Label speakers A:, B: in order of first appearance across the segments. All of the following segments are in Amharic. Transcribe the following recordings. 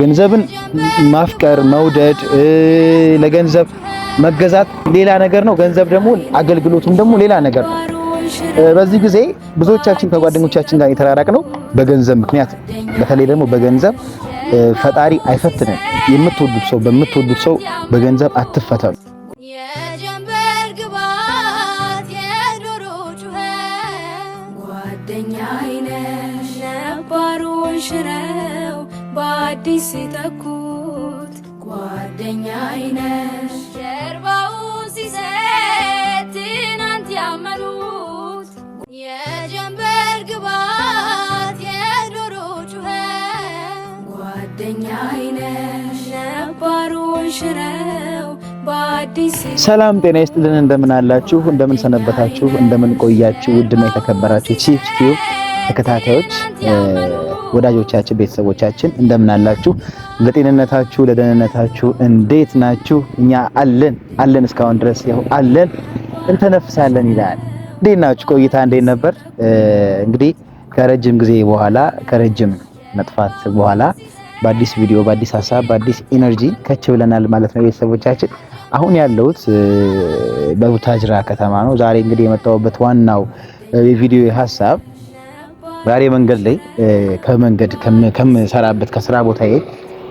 A: ገንዘብን ማፍቀር፣ መውደድ፣ ለገንዘብ መገዛት ሌላ ነገር ነው። ገንዘብ ደግሞ አገልግሎቱም ደግሞ ሌላ ነገር ነው። በዚህ ጊዜ ብዙዎቻችን ከጓደኞቻችን ጋር ነው በገንዘብ ምክንያት በተለይ ደግሞ በገንዘብ ፈጣሪ አይፈትንም። የምትወዱት ሰው በምትወዱት ሰው በገንዘብ አትፈተኑ። በአዲስ ሲተኩት ጓደኛ አይነሽ ጀርባውን ሲሰጥ ትናንት ያመኑት የጀንበር ግባት የዶሮ ጩኸት ጓደኛ አይነሽ ነባሩን ሽረው ሰላም ጤና ይስጥልን። እንደምን አላችሁ? እንደምን ሰነበታችሁ? እንደምን ቆያችሁ? ውድና የተከበራችሁ ቺፕስ ቲዩብ ተከታታዮች ወዳጆቻችን፣ ቤተሰቦቻችን እንደምን አላችሁ? ለጤንነታችሁ፣ ለደህንነታችሁ እንዴት ናችሁ? እኛ አለን አለን እስካሁን ድረስ ያው አለን እንተነፍሳለን ይላል። እንዴት ናችሁ? ቆይታ እንዴት ነበር? እንግዲህ ከረጅም ጊዜ በኋላ ከረጅም መጥፋት በኋላ በአዲስ ቪዲዮ በአዲስ ሀሳብ በአዲስ ኢነርጂ ከች ብለናል ማለት ነው። ቤተሰቦቻችን አሁን ያለሁት በቡታጅራ ከተማ ነው። ዛሬ እንግዲህ የመጣሁበት ዋናው የቪዲዮ ሀሳብ ዛሬ መንገድ ላይ ከመንገድ ከምሰራበት ከስራ ቦታዬ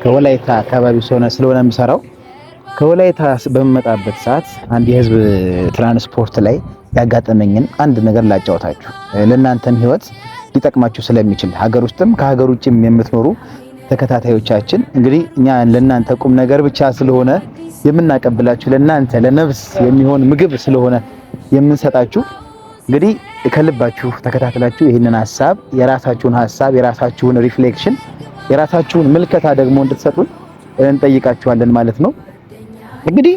A: ከወላይታ አካባቢ ስለሆነ የምሰራው ከወላይታ በምመጣበት ሰዓት አንድ የህዝብ ትራንስፖርት ላይ ያጋጠመኝን አንድ ነገር ላጫወታችሁ። ለእናንተም ህይወት ሊጠቅማችሁ ስለሚችል ሀገር ውስጥም ከሀገር ውጭም የምትኖሩ ተከታታዮቻችን እንግዲህ እኛ ለእናንተ ቁም ነገር ብቻ ስለሆነ የምናቀብላችሁ ለእናንተ ለነፍስ የሚሆን ምግብ ስለሆነ የምንሰጣችሁ እንግዲህ ከልባችሁ ተከታትላችሁ ይህንን ሀሳብ የራሳችሁን ሀሳብ የራሳችሁን ሪፍሌክሽን የራሳችሁን ምልከታ ደግሞ እንድትሰጡን እንጠይቃችኋለን ማለት ነው። እንግዲህ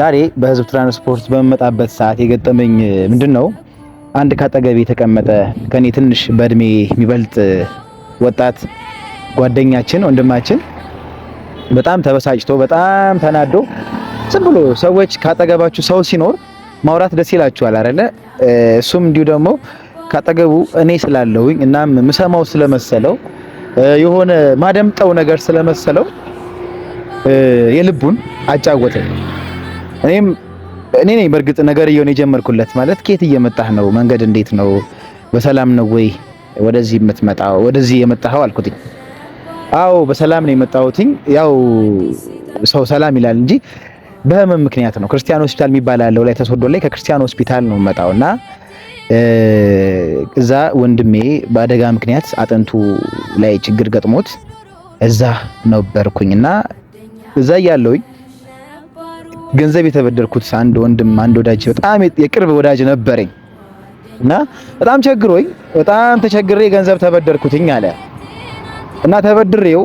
A: ዛሬ በህዝብ ትራንስፖርት በመመጣበት ሰዓት የገጠመኝ ምንድን ነው? አንድ ካጠገብ የተቀመጠ ከኔ ትንሽ በእድሜ የሚበልጥ ወጣት ጓደኛችን ወንድማችን በጣም ተበሳጭቶ በጣም ተናዶ ዝም ብሎ ሰዎች ካጠገባችሁ ሰው ሲኖር ማውራት ደስ ይላችኋል አይደለ? እሱም እንዲሁ ደግሞ ካጠገቡ እኔ ስላለውኝ እናም ምሰማው ስለመሰለው የሆነ ማደምጠው ነገር ስለመሰለው የልቡን አጫወተኝ። እኔም እኔ ነኝ በእርግጥ ነገር እየሆነ የጀመርኩለት ማለት ከየት እየመጣህ ነው? መንገድ እንዴት ነው? በሰላም ነው ወይ ወደዚህ የምትመጣው ወደዚህ የመጣኸው አልኩትኝ። አዎ በሰላም ነው የመጣሁትኝ። ያው ሰው ሰላም ይላል እንጂ በህመም ምክንያት ነው። ክርስቲያን ሆስፒታል የሚባል አለው ላይ ተስወዶ ላይ ከክርስቲያን ሆስፒታል ነው መጣው እና እዛ ወንድሜ በአደጋ ምክንያት አጥንቱ ላይ ችግር ገጥሞት እዛ ነበርኩኝ እና እዛ እያለሁኝ ገንዘብ የተበደርኩት አንድ ወንድም አንድ ወዳጅ በጣም የቅርብ ወዳጅ ነበረኝ እና በጣም ቸግሮኝ በጣም ተቸግሬ ገንዘብ ተበደርኩትኝ አለ እና ተበድሬው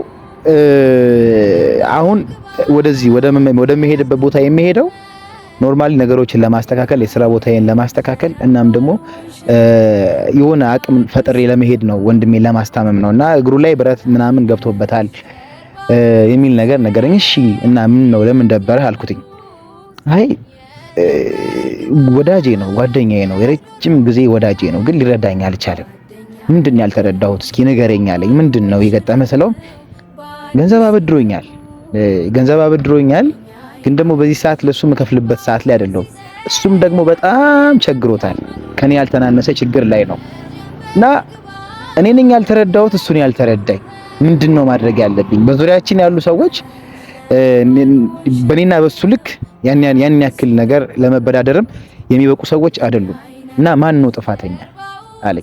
A: አሁን ወደዚህ ወደሚሄድበት ቦታ የሚሄደው ኖርማሊ ነገሮችን ለማስተካከል የስራ ቦታዬን ለማስተካከል እናም ደግሞ የሆነ አቅም ፈጥሬ ለመሄድ ነው፣ ወንድሜ ለማስታመም ነው እና እግሩ ላይ ብረት ምናምን ገብቶበታል የሚል ነገር ነገረኝ። እሺ እና ምን ነው ለምን ደበረህ አልኩትኝ። አይ ወዳጄ ነው፣ ጓደኛዬ ነው፣ የረጅም ጊዜ ወዳጄ ነው፣ ግን ሊረዳኝ አልቻለም። ምንድን ያልተረዳሁት እስኪ ንገረኝ አለኝ። ምንድን ነው የገጠመ ስለው ገንዘብ አበድሮኛል ገንዘብ አበድሮኛል፣ ግን ደግሞ በዚህ ሰዓት ለሱ የምከፍልበት ሰዓት ላይ አይደለሁም። እሱም ደግሞ በጣም ቸግሮታል፣ ከኔ ያልተናነሰ ችግር ላይ ነው እና እኔ ነኝ ያልተረዳሁት፣ እሱን ያልተረዳኝ። ምንድን ነው ማድረግ ያለብኝ? በዙሪያችን ያሉ ሰዎች በእኔና በሱ ልክ ያን ያክል ነገር ለመበዳደርም የሚበቁ ሰዎች አይደሉም እና ማን ነው ጥፋተኛ አለ።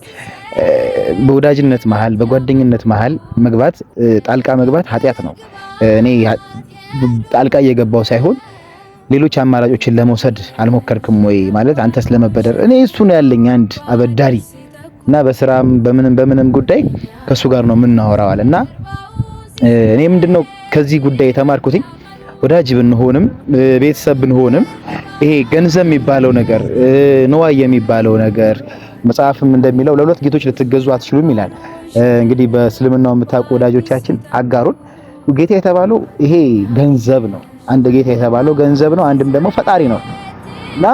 A: በወዳጅነት መሀል፣ በጓደኝነት መሀል መግባት ጣልቃ መግባት ኃጢአት ነው። እኔ ጣልቃ እየገባው ሳይሆን ሌሎች አማራጮችን ለመውሰድ አልሞከርክም ወይ ማለት አንተ ስለመበደር እኔ እሱ ነው ያለኝ አንድ አበዳሪ እና በስራም በምንም በምንም ጉዳይ ከሱ ጋር ነው የምናወራዋል እና እኔ ምንድነው ከዚህ ጉዳይ የተማርኩትኝ ወዳጅ ብንሆንም ቤተሰብ ብንሆንም ይሄ ገንዘብ የሚባለው ነገር ንዋይ የሚባለው ነገር መጽሐፍም እንደሚለው ለሁለት ጌቶች ልትገዙ አትችሉም ይላል። እንግዲህ በእስልምናው የምታውቁ ወዳጆቻችን አጋሩን ጌታ የተባለው ይሄ ገንዘብ ነው። አንድ ጌታ የተባለው ገንዘብ ነው፣ አንድም ደግሞ ፈጣሪ ነው እና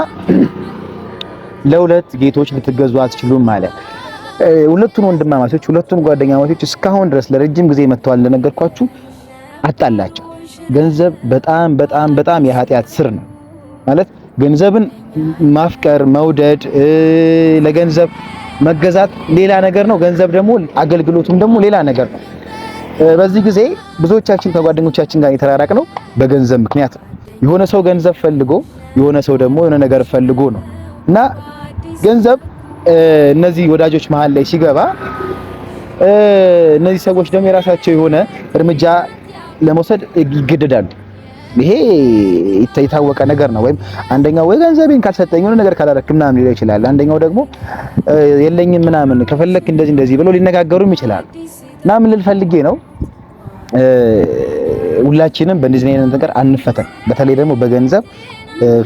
A: ለሁለት ጌቶች ልትገዙ አትችሉም ማለት ሁለቱን ወንድማማቾች ሁለቱን ጓደኛማቾች እስካሁን ድረስ ለረጅም ጊዜ መጥተዋል። እንደነገርኳችሁ አጣላቸው። ገንዘብ በጣም በጣም በጣም የኃጢአት ስር ነው ማለት ገንዘብን ማፍቀር፣ መውደድ፣ ለገንዘብ መገዛት ሌላ ነገር ነው። ገንዘብ ደግሞ አገልግሎቱም ደግሞ ሌላ ነገር ነው። በዚህ ጊዜ ብዙዎቻችን ከጓደኞቻችን ጋር የተራራቅ ነው በገንዘብ ምክንያት ነው። የሆነ ሰው ገንዘብ ፈልጎ የሆነ ሰው ደግሞ የሆነ ነገር ፈልጎ ነው እና ገንዘብ እነዚህ ወዳጆች መሀል ላይ ሲገባ እነዚህ ሰዎች ደግሞ የራሳቸው የሆነ እርምጃ ለመውሰድ ይገደዳሉ። ይሄ የታወቀ ነገር ነው። ወይም አንደኛው ወይ ገንዘቤን ካልሰጠኝ የሆነ ነገር ካላደረክ ምናምን ሊለው ይችላል። አንደኛው ደግሞ የለኝም ምናምን ከፈለክ እንደዚህ እንደዚህ ብሎ ሊነጋገሩም ይችላሉ። እና ምን ነው ሁላችንም በእንደዚህ አይነት ነገር አንፈተን። በተለይ ደግሞ በገንዘብ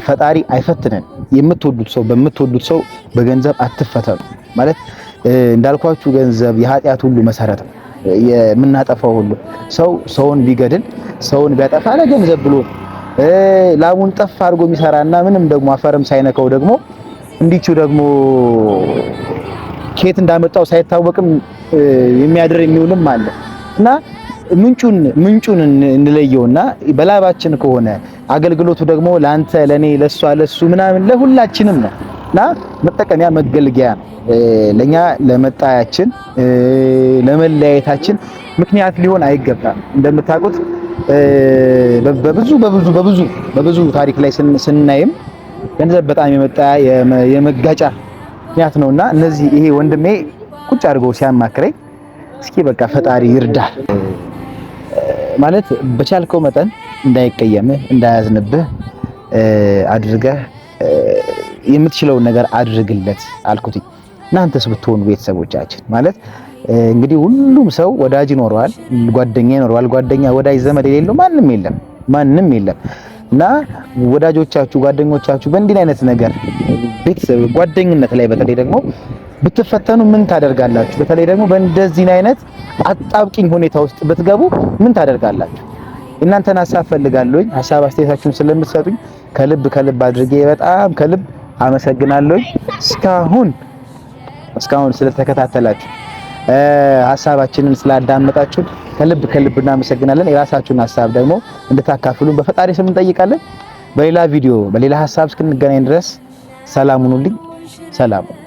A: ፈጣሪ አይፈትነን። የምትወዱት ሰው በምትወዱት ሰው በገንዘብ አትፈተኑ። ማለት እንዳልኳችሁ ገንዘብ የኃጢአት ሁሉ መሰረት ነው። የምናጠፋው ሁሉ ሰው ሰውን ቢገድል ሰውን ቢያጠፋ ለገንዘብ ብሎ ላሙን ጠፍ አድርጎ የሚሰራና ምንም ደግሞ አፈርም ሳይነካው ደግሞ እንዲቹ ደግሞ ከየት እንዳመጣው ሳይታወቅም የሚያድር የሚውልም አለ እና ምንጩን ምንጩን እንለየውና በላባችን ከሆነ አገልግሎቱ ደግሞ ለአንተ፣ ለኔ፣ ለሷ፣ ለሱ ምናምን ለሁላችንም ነው እና መጠቀሚያ መገልገያ ለኛ ለመጣያችን ለመለያየታችን ምክንያት ሊሆን አይገባም። እንደምታውቁት በብዙ በብዙ በብዙ በብዙ ታሪክ ላይ ስናይም ገንዘብ በጣም የመጣያ የመጋጫ ምክንያት ነውና እነዚህ ይሄ ወንድሜ ቁጭ አድርጎ ሲያማክረኝ እስኪ በቃ ፈጣሪ ይርዳ ማለት በቻልከው መጠን እንዳይቀየምህ እንዳያዝንብህ አድርገህ የምትችለውን ነገር አድርግለት አልኩትኝ። እናንተስ ብትሆኑ ቤተሰቦቻችን ማለት እንግዲህ ሁሉም ሰው ወዳጅ ይኖረዋል፣ ጓደኛ ይኖረዋል። ጓደኛ፣ ወዳጅ፣ ዘመድ የሌለው ማንም የለም፣ ማንም የለም። እና ወዳጆቻችሁ፣ ጓደኞቻችሁ በእንዲህ አይነት ነገር ቤተሰብ ጓደኝነት ላይ በተለይ ደግሞ ብትፈተኑ ምን ታደርጋላችሁ? በተለይ ደግሞ በእንደዚህ አይነት አጣብቂኝ ሁኔታ ውስጥ ብትገቡ ምን ታደርጋላችሁ? እናንተን ሀሳብ ፈልጋለሁኝ። ሀሳብ አስተያየታችሁን ስለምትሰጡኝ ከልብ ከልብ አድርጌ በጣም ከልብ አመሰግናለሁኝ። እስካሁን እስካሁን ስለተከታተላችሁ ሀሳባችንን ስላዳመጣችሁ ከልብ ከልብ እናመሰግናለን። የራሳችሁን ሀሳብ ደግሞ እንድታካፍሉን በፈጣሪ ስም እንጠይቃለን። በሌላ ቪዲዮ በሌላ ሀሳብ እስክንገናኝ ድረስ ሰላም ሁኑልኝ። ሰላም